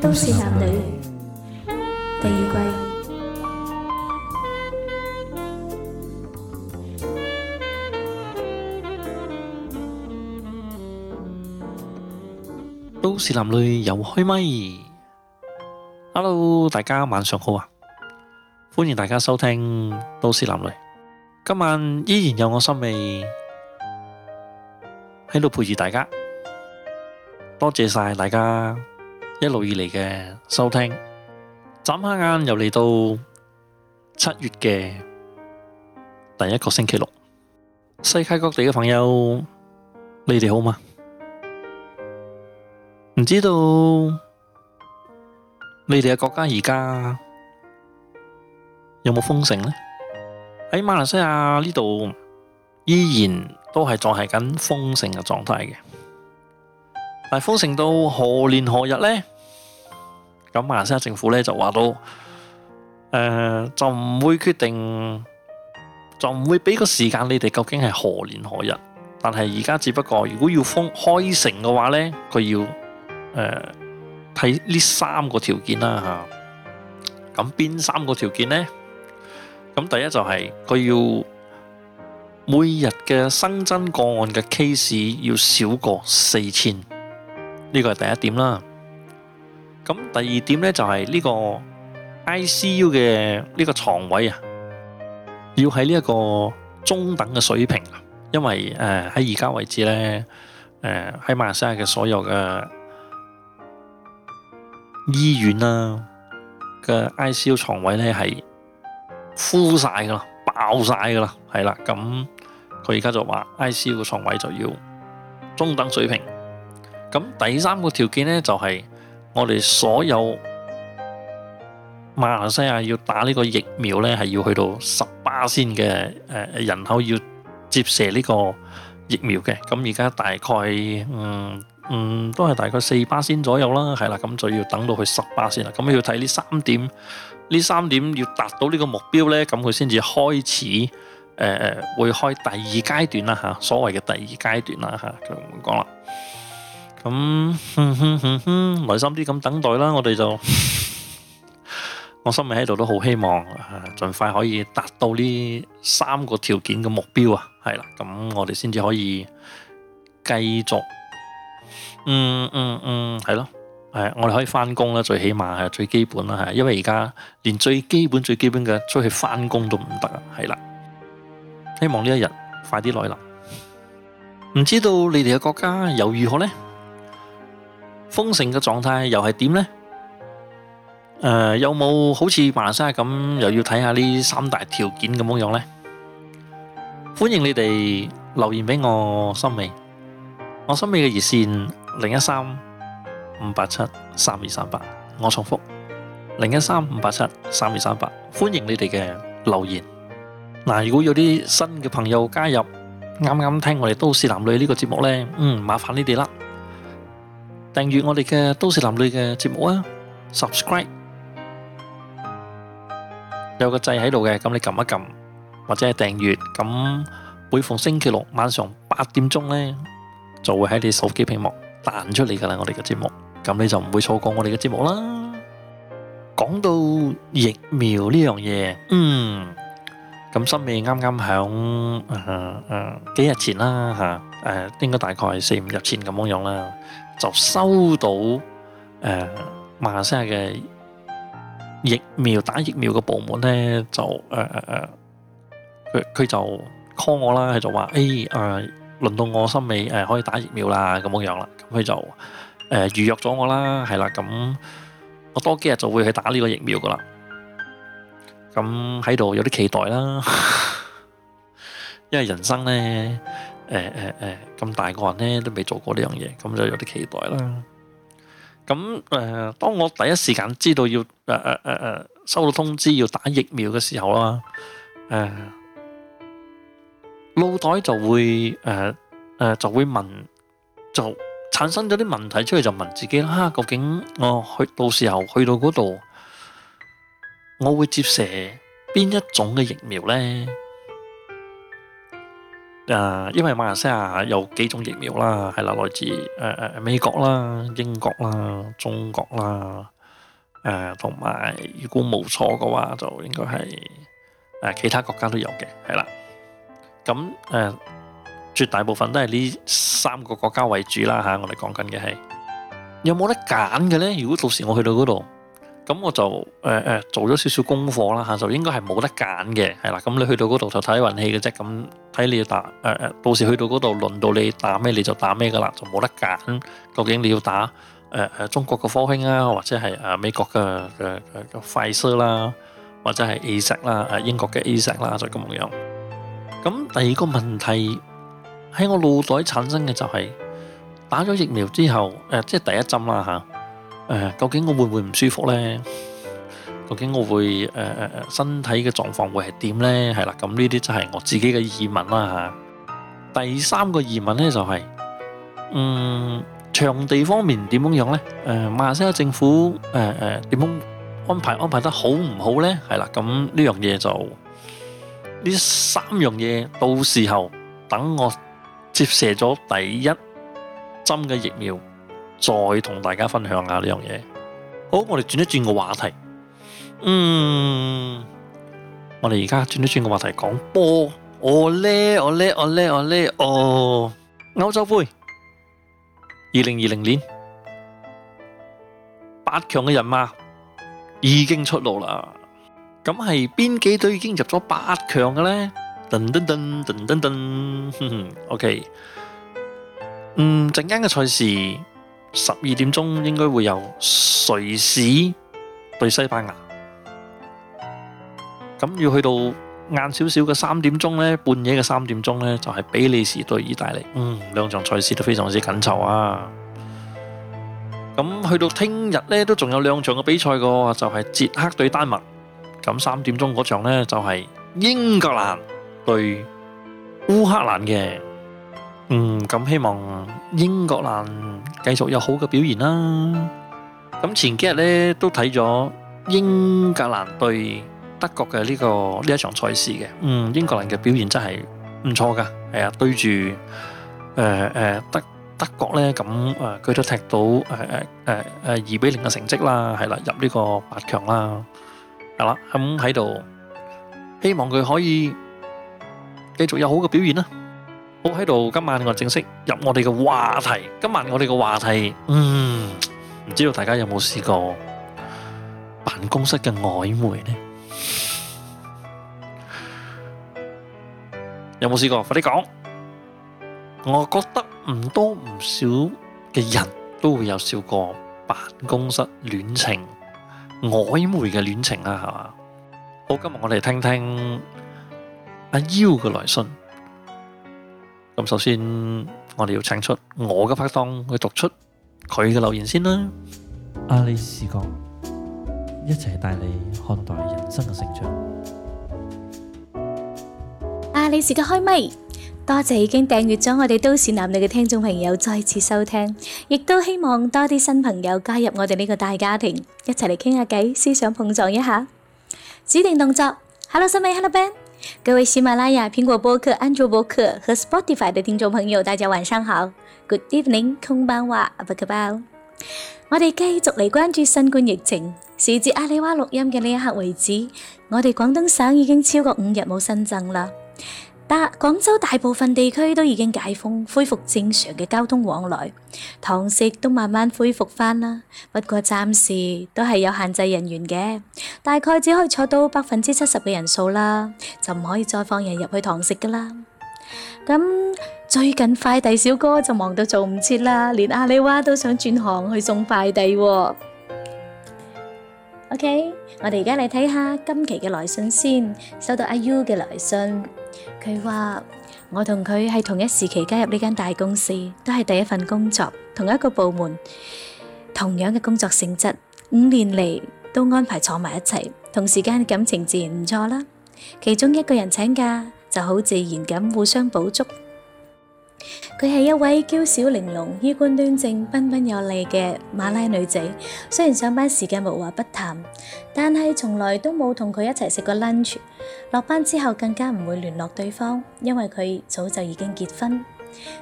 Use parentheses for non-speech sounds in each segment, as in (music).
都市男女第二季，都市男女又開咪。Hello，大家晚上好啊！歡迎大家收聽《都市男女》，今晚依然有我心味喺度陪住大家，多謝晒大家。一路以嚟嘅收聽，眨下眼又嚟到七月嘅第一個星期六。世界各地嘅朋友，你哋好嗎？唔知道你哋嘅國家而家有冇封城呢？喺馬來西亞呢度依然都係仲喺緊封城嘅狀態嘅。但封城到何年何日呢？咁馬來西亞政府咧就話到，誒、呃、就唔會決定，就唔會俾個時間你哋究竟係何年何日。但係而家只不過，如果要封開城嘅話咧，佢要誒睇呢三個條件啦吓。咁邊三個條件咧？咁第一就係、是、佢要每日嘅新增個案嘅 case 要少過四千。呢個係第一點啦。咁第二點呢，就係呢個 ICU 嘅床位要喺呢個中等嘅水平，因為誒喺而家位置咧，誒、呃、喺、呃、馬來西亞嘅所有嘅醫院啦、啊、嘅 ICU 床位咧係枯晒㗎喇，爆晒㗎喇，係啦。咁佢而家就話 ICU 嘅床位就要中等水平。咁第三個條件咧，就係、是、我哋所有馬來西亞要打呢個疫苗咧，係要去到十八先嘅誒人口要接射呢個疫苗嘅。咁而家大概嗯嗯都係大概四八先左右啦，係啦，咁就要等到去十八先啦。咁要睇呢三點，呢三點要達到呢個目標咧，咁佢先至開始誒誒、呃、會開第二階段啦嚇、啊，所謂嘅第二階段啦嚇，就唔講啦。咁、嗯，耐心啲咁等待啦。我哋就， (laughs) 我心裡喺度都好希望，盡快可以達到呢三個條件嘅目標啊。係啦，咁我哋先至可以繼續，嗯嗯嗯，係、嗯、咯，係我哋可以翻工。啦。最起碼係最基本啦，係因為而家連最基本最基本嘅出去翻工都唔得啊。係啦，希望呢一日快啲來臨。唔知道你哋嘅國家又如何呢？封城嘅狀態又係點咧？誒，有冇好似馬來西亞咁又要睇下呢三大條件咁樣樣咧？歡迎你哋留言俾我心美，我心美嘅熱線零一三五八七三二三八，我重複零一三五八七三二三八，歡迎你哋嘅留言。嗱，如果有啲新嘅朋友加入，啱啱聽我哋都市男女呢個節目咧，嗯，麻煩你哋啦。訂閱我哋嘅，都市男女嘅節目啊！subscribe，有個掣喺度嘅，咁你撳一撳或者係訂閱咁，每逢星期六晚上八點鐘呢，就會喺你手機屏幕彈出嚟噶啦。我哋嘅節目，咁你就唔會錯過我哋嘅節目啦。講到疫苗呢樣嘢，嗯，咁新美啱啱響誒誒幾日前啦吓，誒應該大概四五日前咁樣樣啦。就收到誒馬來西亞嘅疫苗打疫苗嘅部門咧，就誒誒誒，佢、呃、佢就 call 我啦，佢就話：誒、呃、誒，輪到我身尾誒，可以打疫苗啦，咁樣樣啦，咁佢就誒、呃、預約咗我啦，係啦，咁我多幾日就會去打呢個疫苗噶啦，咁喺度有啲期待啦， (laughs) 因為人生咧。誒誒誒，咁大個人咧都未做過呢樣嘢，咁就有啲期待啦。咁誒、嗯嗯，當我第一時間知道要誒誒誒誒收到通知要打疫苗嘅時候啦，誒、呃，腦袋就會誒誒、呃呃、就會問，就產生咗啲問題出嚟就問自己啦、啊，究竟我去到時候去到嗰度，我會接射邊一種嘅疫苗咧？啊，因為馬來西亞有幾種疫苗啦，係啦，來自誒誒美國啦、英國啦、中國啦，誒同埋如果冇錯嘅話就應該係誒其他國家都有嘅，係啦，咁誒絕大部分都係呢三個國家為主啦吓，我哋講緊嘅係有冇得揀嘅咧？如果到時我去到嗰度。咁我就誒誒、呃、做咗少少功課啦嚇，就應該係冇得揀嘅，係啦。咁你去到嗰度就睇運氣嘅啫，咁睇你要打誒誒、呃，到時去到嗰度輪到你打咩你就打咩噶啦，就冇得揀。究竟你要打誒誒、呃、中國嘅科興啊，或者係誒美國嘅嘅嘅快獅啦、啊，或者係 AZ 啦，誒英國嘅 AZ 啦，就咁樣。咁第二個問題喺我腦袋產生嘅就係、是、打咗疫苗之後，誒、呃、即係第一針啦、啊、嚇。誒，究竟我會唔會唔舒服咧？究竟我會誒誒誒身體嘅狀況會係點咧？係啦，咁呢啲就係我自己嘅疑問啦嚇。第三個疑問咧就係，嗯，場地方面點樣樣咧？誒，馬來西亞政府誒誒點樣安排安排得好唔好咧？係啦，咁呢樣嘢就呢三樣嘢，到時候等我接射咗第一針嘅疫苗。再同大家分享下呢樣嘢。好，我哋轉一轉個話題。嗯，我哋而家轉一轉個話題講，講波。我、哦、叻，我、哦、叻，我、哦、叻，我叻哦！歐洲杯二零二零年八強嘅人馬已經出爐啦。咁係邊幾隊已經入咗八強嘅咧？噔噔噔噔噔噔，OK。嗯，陣間嘅賽事。十二點鐘應該會有瑞士對西班牙，咁要去到晏少少嘅三點鐘咧，半夜嘅三點鐘咧就係比利時對意大利，嗯，兩場賽事都非常之緊湊啊。咁去到聽日咧都仲有兩場嘅比賽個，就係、是、捷克對丹麥，咁三點鐘嗰場咧就係、是、英格蘭對烏克蘭嘅。嗯，咁希望英格蘭繼續有好嘅表現啦。咁前幾日咧都睇咗英格蘭對德國嘅呢個呢一場賽事嘅。嗯，英格蘭嘅表現真係唔錯㗎。係啊，對住誒誒德德國咧，咁誒佢都踢到誒誒誒誒二比零嘅成績啦，係啦，入呢個八強啦，係啦。咁喺度希望佢可以繼續有好嘅表現啦。好喺度，今晚我正式入我哋嘅話題。今晚我哋嘅話題，唔知道大家有冇試過辦公室嘅曖昧呢？有冇試過？快啲講！我覺得唔多唔少嘅人都會有試過辦公室戀情曖昧嘅戀情啊，係嘛？好，今日我哋聽聽阿 U 嘅來信。咁首先，我哋要請出我嘅拍檔去讀出佢嘅留言先啦。阿里氏哥，一齊帶你看待人生嘅成長。阿里氏哥，開咪，多謝已經訂閱咗我哋都市男女嘅聽眾朋友再次收聽，亦都希望多啲新朋友加入我哋呢個大家庭，一齊嚟傾下偈，思想碰撞一下。指定動作，Hello Sammi，Hello Ben。各位喜馬拉雅、蘋果播客、安卓播客和 Spotify 的聽眾朋友，大家晚上好。Good evening, Kong Bang Wa Apa khabar 我哋繼續嚟關注新冠疫情。時至阿里瓦錄音嘅呢一刻為止，我哋廣東省已經超過五日冇新增啦。但廣州大部分地區都已經解封，恢復正常嘅交通往來，堂食都慢慢恢復翻啦。不過暫時都係有限制人員嘅，大概只可以坐到百分之七十嘅人數啦，就唔可以再放人入去堂食㗎啦。咁、嗯、最近快遞小哥就忙到做唔切啦，連阿里娃都想轉行去送快遞，哦。OK，我哋而家嚟睇下今期嘅來信先，收到阿、y、U 嘅來信。佢話：我同佢係同一時期加入呢間大公司，都係第一份工作，同一個部門，同樣嘅工作性質，五年嚟，都安排坐埋一齊，同事間嘅感情自然唔錯啦。其中一個人請假，就好自然咁互相補足。佢係一位嬌小玲瓏、衣冠端正、彬彬有禮嘅馬拉女仔。雖然上班時間無話不談，但係從來都冇同佢一齊食過 lunch。落班之後更加唔會聯絡對方，因為佢早就已經結婚。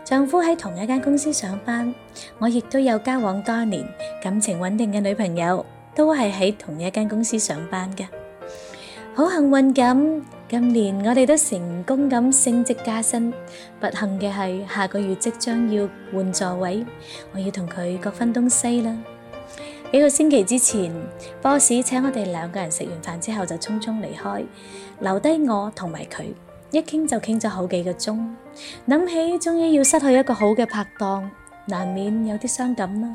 丈夫喺同一間公司上班，我亦都有交往多年、感情穩定嘅女朋友，都係喺同一間公司上班嘅，好幸運咁。今年我哋都成功咁升職加薪，不幸嘅係下個月即將要換座位，我要同佢各分東西啦。幾個星期之前，boss 請我哋兩個人食完飯之後就匆匆離開，留低我同埋佢一傾就傾咗好幾個鐘，諗起終於要失去一個好嘅拍檔，難免有啲傷感啦。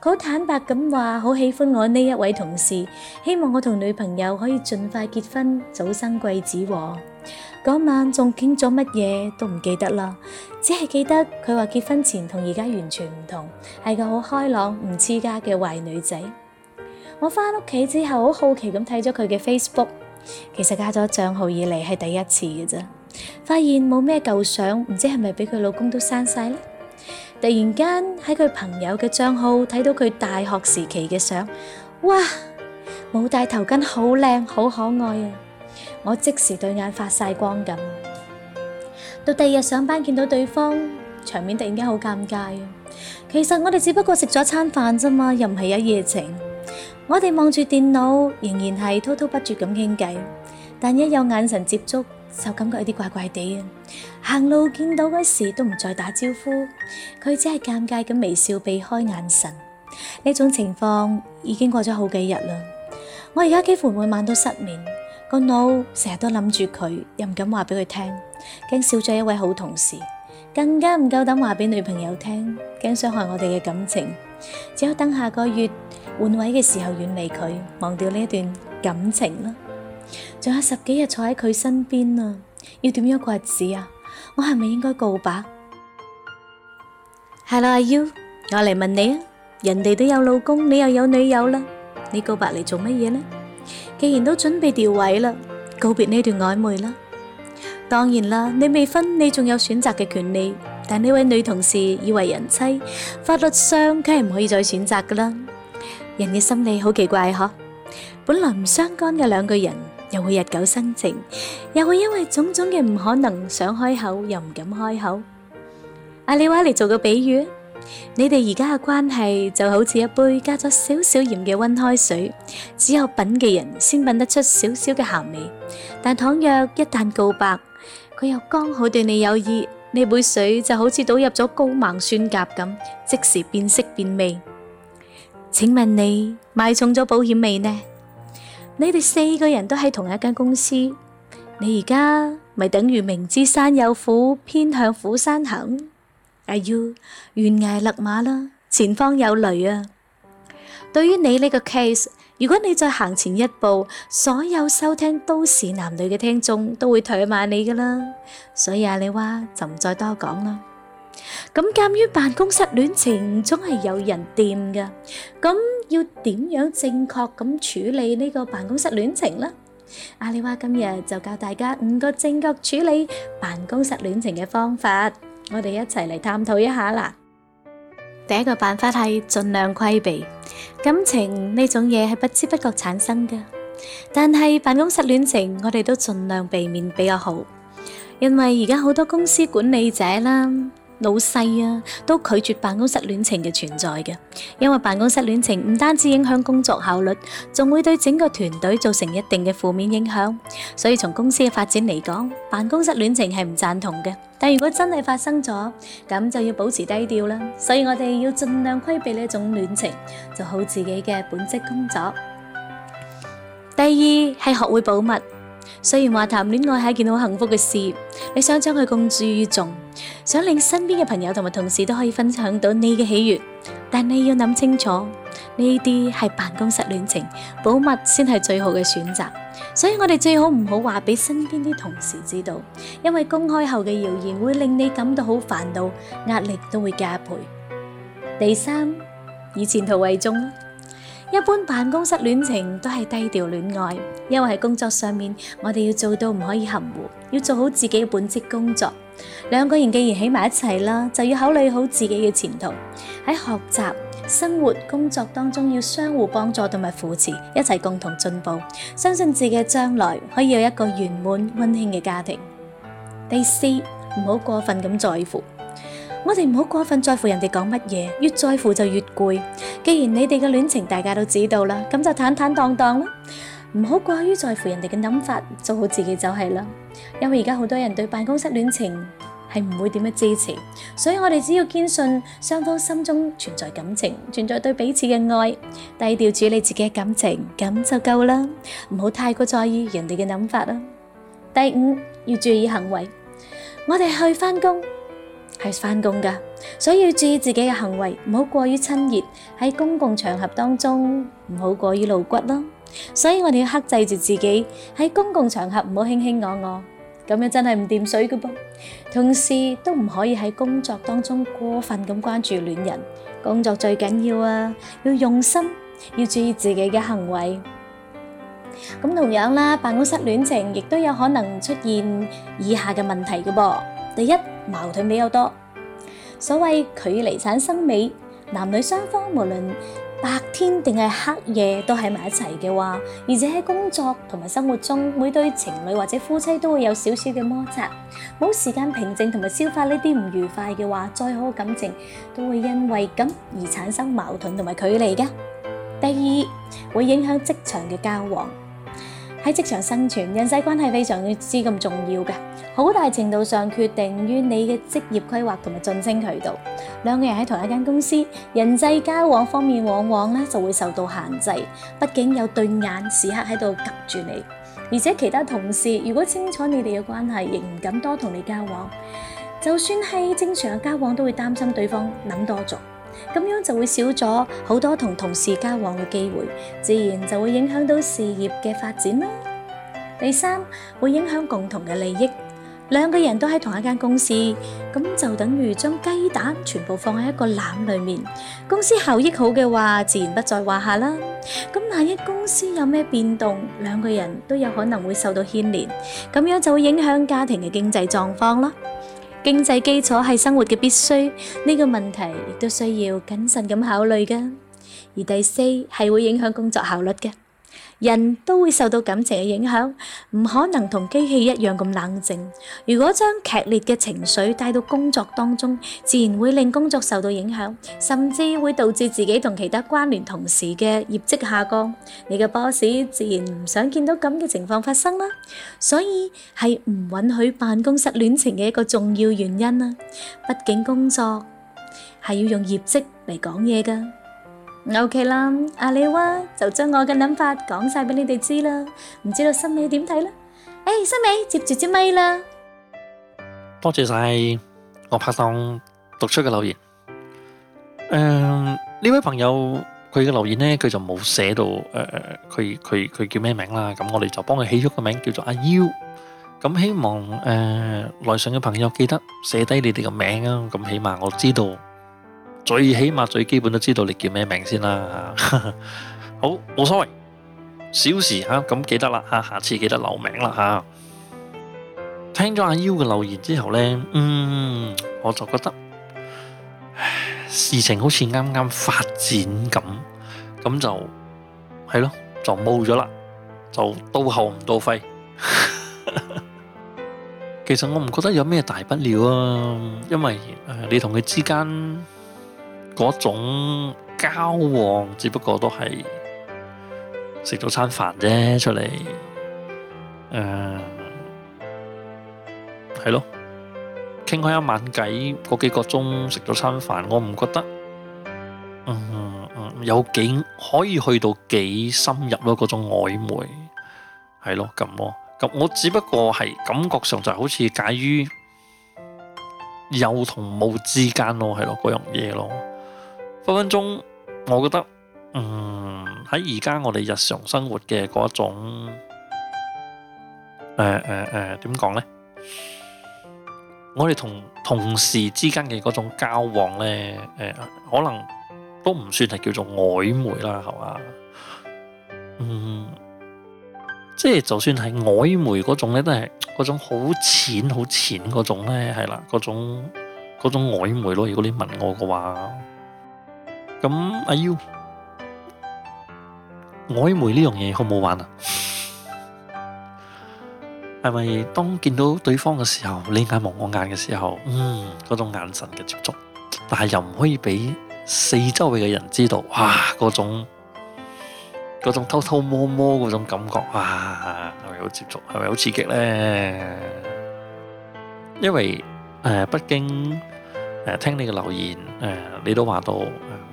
佢好坦白咁話，好喜歡我呢一位同事，希望我同女朋友可以盡快結婚，早生貴子喎。嗰晚仲傾咗乜嘢都唔記得啦，只係記得佢話結婚前同而家完全唔同，係個好開朗、唔黐家嘅壞女仔。我翻屋企之後，好好奇咁睇咗佢嘅 Facebook，其實加咗賬號以嚟係第一次嘅啫，發現冇咩舊相，唔知係咪俾佢老公都刪晒咧。突然間喺佢朋友嘅賬號睇到佢大學時期嘅相，哇！冇戴頭巾，好靚，好可愛啊！我即時對眼發晒光咁。到第二日上班見到對方，場面突然間好尷尬。其實我哋只不過食咗餐飯啫嘛，又唔係一夜情。我哋望住電腦，仍然係滔滔不絕咁傾偈，但一有眼神接觸就感覺有啲怪怪地啊！行路見到嗰時都唔再打招呼，佢只係尷尬咁微笑避開眼神。呢種情況已經過咗好幾日啦。我而家幾乎每晚都失眠，個腦成日都諗住佢，又唔敢話畀佢聽，驚少咗一位好同事，更加唔夠膽話畀女朋友聽，驚傷害我哋嘅感情。只有等下個月換位嘅時候，遠離佢，忘掉呢一段感情啦。仲有十幾日坐喺佢身邊啊，要點樣過日子啊？我係咪應該告白？係啦，阿 U，我嚟問你啊，人哋都有老公，你又有女友啦，你告白嚟做乜嘢呢？既然都準備調位啦，告別呢段曖昧啦。當然啦，你未婚，你仲有選擇嘅權利。但呢位女同事已為人妻，法律上梗係唔可以再選擇噶啦。人嘅心理好奇怪，嗬，本來唔相干嘅兩個人。又會日久生情，又會因為種種嘅唔可能，想開口又唔敢開口。阿李話嚟做個比喻啊，你哋而家嘅關係就好似一杯加咗少少鹽嘅溫開水，只有品嘅人先品得出少少嘅鹹味。但倘若一旦告白，佢又剛好對你有意，你杯水就好似倒入咗高錳酸鉀咁，即時變色變味。請問你買重咗保險未呢？你哋四個人都喺同一間公司，你而家咪等於明知山有虎，偏向虎山行？阿 U，懸崖勒馬啦，前方有雷啊！對於你呢個 case，如果你再行前一步，所有收聽都市男女嘅聽眾都會唾罵你噶啦，所以阿、啊、你話就唔再多講啦。咁，鑒、嗯、於辦公室戀情總係有人掂噶，咁、嗯、要點樣正確咁處理呢個辦公室戀情呢？阿、啊、利話今日就教大家五個正確處理辦公室戀情嘅方法，我哋一齊嚟探討一下啦。第一個辦法係盡量規避。感情呢種嘢係不知不覺產生嘅，但係辦公室戀情我哋都盡量避免比較好，因為而家好多公司管理者啦。老細啊，都拒絕辦公室戀情嘅存在嘅，因為辦公室戀情唔單止影響工作效率，仲會對整個團隊造成一定嘅負面影響。所以從公司嘅發展嚟講，辦公室戀情係唔贊同嘅。但如果真係發生咗，咁就要保持低調啦。所以我哋要盡量規避呢種戀情，做好自己嘅本職工作。第二係學會保密。雖然話談戀愛係一件好幸福嘅事，你想將佢公諸於眾。想令身邊嘅朋友同埋同事都可以分享到你嘅喜悅，但你要諗清楚呢啲係辦公室戀情，保密先係最好嘅選擇。所以我哋最好唔好話俾身邊啲同事知道，因為公開後嘅謠言會令你感到好煩惱，壓力都會加倍。第三，以前途為重啦。一般辦公室戀情都係低調戀愛，因為喺工作上面我哋要做到唔可以含糊，要做好自己嘅本職工作。兩個人既然喺埋一齊啦，就要考慮好自己嘅前途，喺學習、生活、工作當中要相互幫助同埋扶持，一齊共同進步。相信自己嘅將來可以有一個圓滿溫馨嘅家庭。第四，唔好過分咁在乎，我哋唔好過分在乎人哋講乜嘢，越在乎就越攰。既然你哋嘅戀情大家都知道啦，咁就坦坦蕩蕩啦。唔好過於在乎人哋嘅諗法，做好自己就係啦。因為而家好多人對辦公室戀情係唔會點樣支持，所以我哋只要堅信雙方心中存在感情，存在對彼此嘅愛，低調處理自己嘅感情咁就夠啦。唔好太過在意人哋嘅諗法啦。第五，要注意行為，我哋去翻工係翻工噶，所以要注意自己嘅行為，唔好過於親熱喺公共場合當中，唔好過於露骨咯。所以我哋要克制住自己喺公共場合唔好卿卿我我，咁樣真係唔掂水㗎噃。同時都唔可以喺工作當中過分咁關注戀人，工作最緊要啊，要用心，要注意自己嘅行為。咁同樣啦，辦公室戀情亦都有可能出現以下嘅問題㗎噃。第一，矛盾比較多。所謂距離產生美。男女雙方無論白天定係黑夜都喺埋一齊嘅話，而且喺工作同埋生活中，每對情侶或者夫妻都會有少少嘅摩擦，冇時間平靜同埋消化呢啲唔愉快嘅話，再好嘅感情都會因為咁而產生矛盾同埋距離嘅。第二，會影響職場嘅交往。喺職場生存，人際關係非常之重要嘅，好大程度上決定於你嘅職業規劃同埋晉升渠道。兩個人喺同一間公司，人際交往方面往往就會受到限制，畢竟有對眼時刻喺度及住你，而且其他同事如果清楚你哋嘅關係，亦唔敢多同你交往。就算係正常嘅交往，都會擔心對方諗多咗。咁樣就會少咗好多同同事交往嘅機會，自然就會影響到事業嘅發展啦。第三，會影響共同嘅利益。兩個人都喺同一間公司，咁就等於將雞蛋全部放喺一個籃裏面。公司效益好嘅話，自然不在話下啦。咁萬一公司有咩變動，兩個人都有可能會受到牽連，咁樣就會影響家庭嘅經濟狀況囉。經濟基礎係生活嘅必須，呢個問題亦都需要謹慎咁考慮㗎。而第四係會影響工作效率嘅。人都會受到感情嘅影響，唔可能同機器一樣咁冷靜。如果將劇烈嘅情緒帶到工作當中，自然會令工作受到影響，甚至會導致自己同其他關聯同事嘅業績下降。你嘅 boss 自然唔想見到咁嘅情況發生啦，所以係唔允許辦公室戀情嘅一個重要原因啦、啊。畢竟工作係要用業績嚟講嘢㗎。O.K. 啦，阿麗娃就將我嘅諗法講晒俾你哋知啦，唔知道新美點睇啦？誒，新美接住支咪啦，多謝晒我拍檔讀出嘅留言。誒，呢位朋友佢嘅留言咧，佢就冇寫到誒，佢佢佢叫咩名啦？咁我哋就幫佢起咗個名叫做阿 U。咁希望誒，來信嘅朋友記得寫低你哋嘅名啊，咁起碼我知道。最起碼最基本都知道你叫咩名先啦，好冇所謂。小時吓咁記得啦吓，下次記得留名啦吓。聽咗阿 U 嘅留言之後呢，嗯，我就覺得事情好似啱啱發展咁，咁就係咯，就冇咗啦，就到喉唔到肺。其實我唔覺得有咩大不了啊，因為誒你同佢之間。嗰種交往，只不過都係食咗餐飯啫，出嚟，誒、嗯，係咯，傾開一晚偈，嗰幾個鐘食咗餐飯，我唔覺得，嗯，嗯有幾可以去到幾深入咯？嗰種曖昧，係咯，咁咯，咁我，我只不過係感覺上就好似介於有同冇之間咯，係咯，嗰樣嘢咯。分分鐘，我覺得，嗯，喺而家我哋日常生活嘅嗰種，誒誒誒，點講咧？我哋同同事之間嘅嗰種交往咧，誒、呃，可能都唔算係叫做曖昧啦，係嘛？嗯，即係就算係曖昧嗰種咧，都係嗰種好淺、好淺嗰種咧，係啦，嗰種嗰種曖昧咯。如果你問我嘅話。咁阿 U，曖昧呢樣嘢好唔好玩啊？係咪當見到對方嘅時候，你眼望我眼嘅時候，嗯，嗰種眼神嘅接觸，但係又唔可以俾四周圍嘅人知道，哇，嗰種嗰種偷偷摸摸嗰種感覺啊，係咪好接觸？係咪好刺激咧？因為誒，北京誒，聽你嘅留言，誒，你都話到。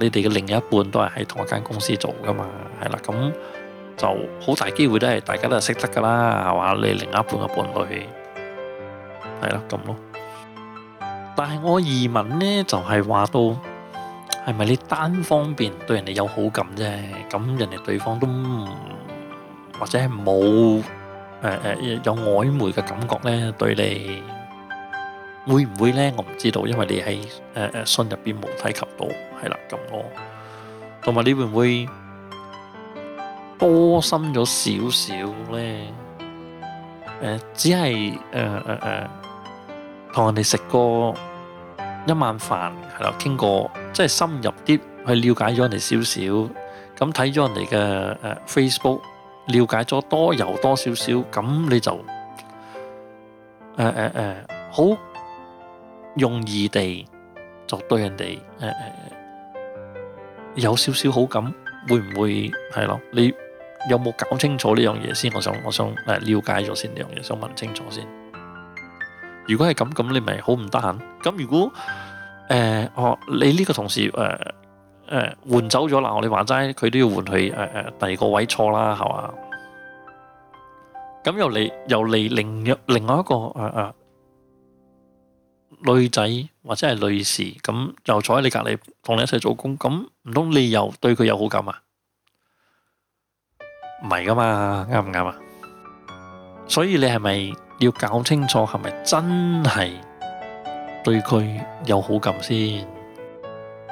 你哋嘅另一半都係喺同一間公司做噶嘛，係啦，咁就好大機會都係大家都係識得噶啦，係話，你另一半嘅伴侶，係啦咁咯。但係我疑問呢，就係話到，係咪你單方面對人哋有好感啫？咁人哋對方都或者係冇誒誒有曖昧嘅感覺呢，對你？會唔會咧？我唔知道，因為你喺誒誒信入邊冇提及到，係啦。咁我同埋你會唔會多心咗少少咧？誒，只係誒誒誒，同人哋食過一晚飯，係啦，傾過，即係深入啲去了解咗人哋少少，咁睇咗人哋嘅誒 Facebook，了解咗多又多少少，咁你就誒誒誒好容易地就對人哋誒有少少好感，會唔會係咯？你有冇搞清楚呢樣嘢先？我想我想誒了解咗先呢樣嘢，想問清楚先。如果係咁，咁你咪好唔得閒。咁如果誒哦你呢個同事誒誒換走咗啦，我哋話齋佢都要換去誒誒第二個位坐啦，係嘛？咁又嚟又嚟，另一另外一個誒誒。女仔或者係女士咁，又坐喺你隔籬，同你一齊做工咁，唔通你又對佢有好感啊？唔係噶嘛，啱唔啱啊？所以你係咪要搞清楚，係咪真係對佢有好感先？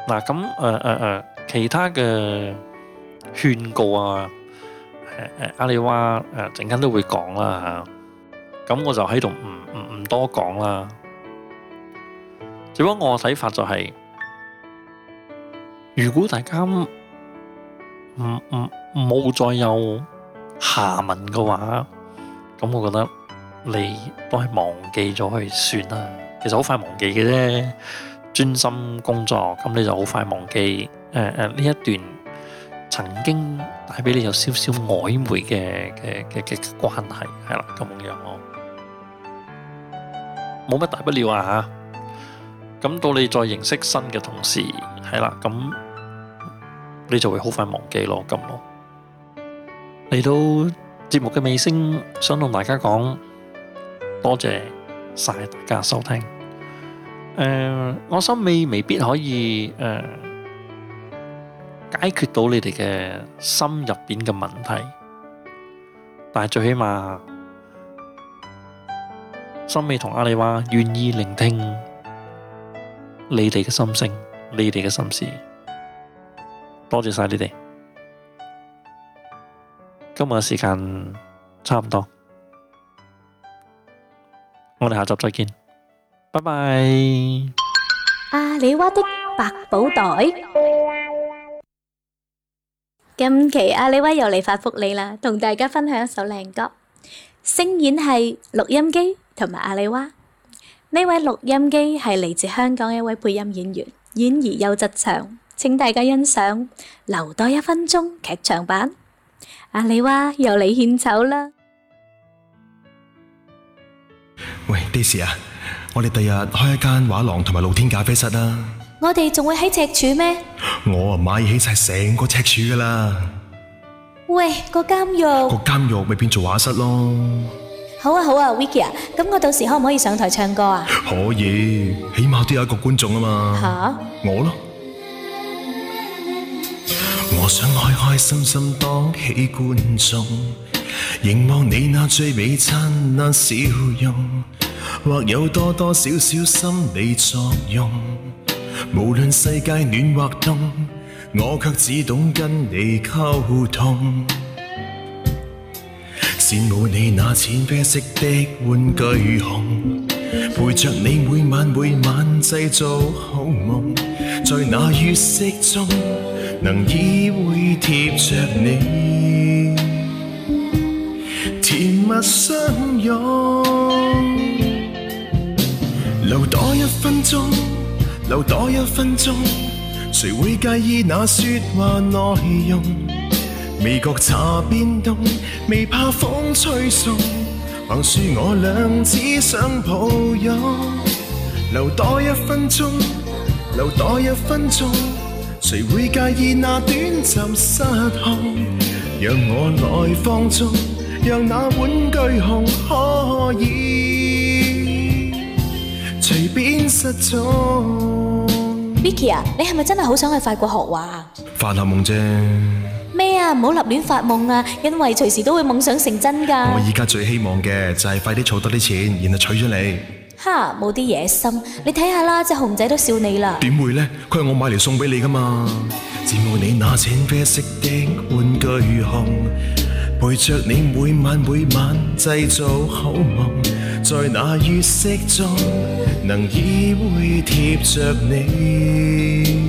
嗱，咁誒誒誒，其他嘅勸告啊，誒誒，阿里娃誒，陣間都會講啦吓。咁我就喺度唔唔唔多講啦。如果我睇法就係，如果大家唔唔冇再有下文嘅話，咁我覺得你都係忘記咗去算啦。其實好快忘記嘅啫，專心工作，咁你就好快忘記誒誒呢一段曾經帶俾你有少少曖昧嘅嘅嘅嘅關係，係啦，咁樣咯，冇乜大不了啊吓。咁到你再認識新嘅同事，係啦，咁你就會好快忘記咯。咁咯，嚟到節目嘅尾聲，想同大家講多謝晒大家收聽。誒，我心美未必可以誒解決到你哋嘅心入邊嘅問題，但係最起碼心美同阿里娃願意聆聽。你哋嘅心聲，你哋嘅心事，多謝晒你哋。今日嘅時間差唔多，我哋下集再見，拜拜。阿里娃的百寶袋，今期阿里娃又嚟發福利啦，同大家分享一首靚歌，聲演係錄音機同埋阿里娃。呢位錄音機係嚟自香港嘅一位配音演員，演而優則唱，請大家欣賞，留多一分鐘劇場版。阿李哇又嚟獻醜啦！喂，Diss 啊，我哋第日開一間畫廊同埋露天咖啡室啦。我哋仲會喺赤柱咩？我啊買起晒成個赤柱㗎喇。喂，個監獄個監獄咪變做畫室囉。好啊好啊，Vicky 啊，咁我到時可唔可以上台唱歌啊？可以，起碼都有一個觀眾啊嘛。吓，Huh? 我咯。我想開開心心當起觀眾，凝望你那最美燦爛笑容，或有多多少少心理作用。無論世界暖或凍，我卻只懂跟你溝通。羨慕你那淺啡色的玩具熊，陪着你每晚每晚製造好夢，在那月色中能依偎貼着你，甜蜜相擁。留多一分鐘，留多一分鐘，誰會介意那説話內容？未覺茶變凍，未怕風吹送，橫豎我倆只想抱擁，留多一分鐘，留多一分鐘，誰會介意那短暫失控？讓我來放縱，讓那玩具熊可以隨便失蹤。Vicky 啊，你係咪真係好想去法國學畫啊？發下夢啫。唔好立亂發夢啊，因為隨時都會夢想成真噶。我依家最希望嘅就係快啲儲多啲錢，然後娶咗你。哈，冇啲野心，你睇下啦，隻熊仔都笑你啦。點會呢？佢係我買嚟送俾你噶嘛。羨慕你那淺啡色的玩具熊，陪着你每晚每晚製造好夢，在那月色中能依偎貼着你。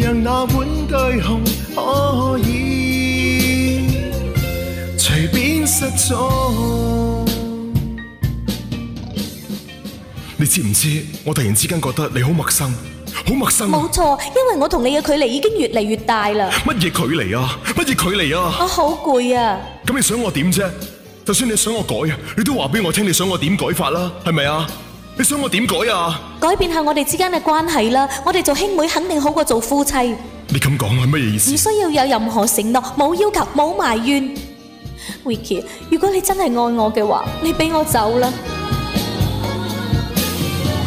讓那碗對紅可以隨便失蹤。 (music) 你知唔知？我突然之間覺得你好陌生，好陌生。冇錯，因為我同你嘅距離已經越嚟越大啦。乜嘢距離啊？乜嘢距離啊？我好攰啊。咁你想我點啫？就算你想我改啊，你都話俾我聽你想我點改法啦，係咪啊？你想我點改啊？改變下我哋之間嘅關係啦，我哋做兄妹肯定好過做夫妻。你咁講係乜意思？唔需要有任何承諾，冇要求，冇埋怨。Vicky，如果你真係愛我嘅話，你俾我走啦。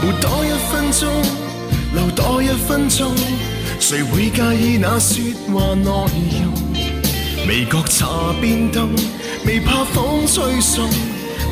活多一分鐘，留多一分鐘，誰會介意那説話內容？未覺茶變凍，未怕風吹送。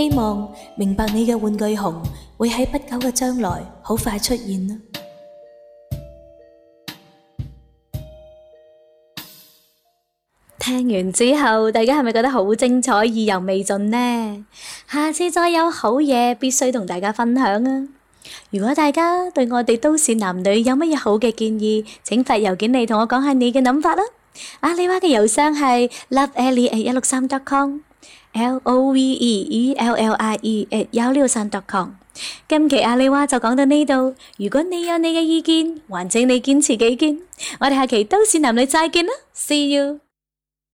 希望明白你嘅玩具熊會喺不久嘅將來好快出現啦。聽完之後，大家係咪覺得好精彩，意猶未盡呢？下次再有好嘢，必須同大家分享啊！如果大家對我哋都市男女有乜嘢好嘅建議，請發郵件嚟同我講下你嘅諗法啦。阿里哇嘅郵箱係 loveali@163.com。L O V E L L、R、E、A y o、L L I E at 163 dot com。S A N D K o M. 今期阿里話就講到呢度，如果你有你嘅意見，還請你堅持己見。我哋下期都市男女再見啦，See you。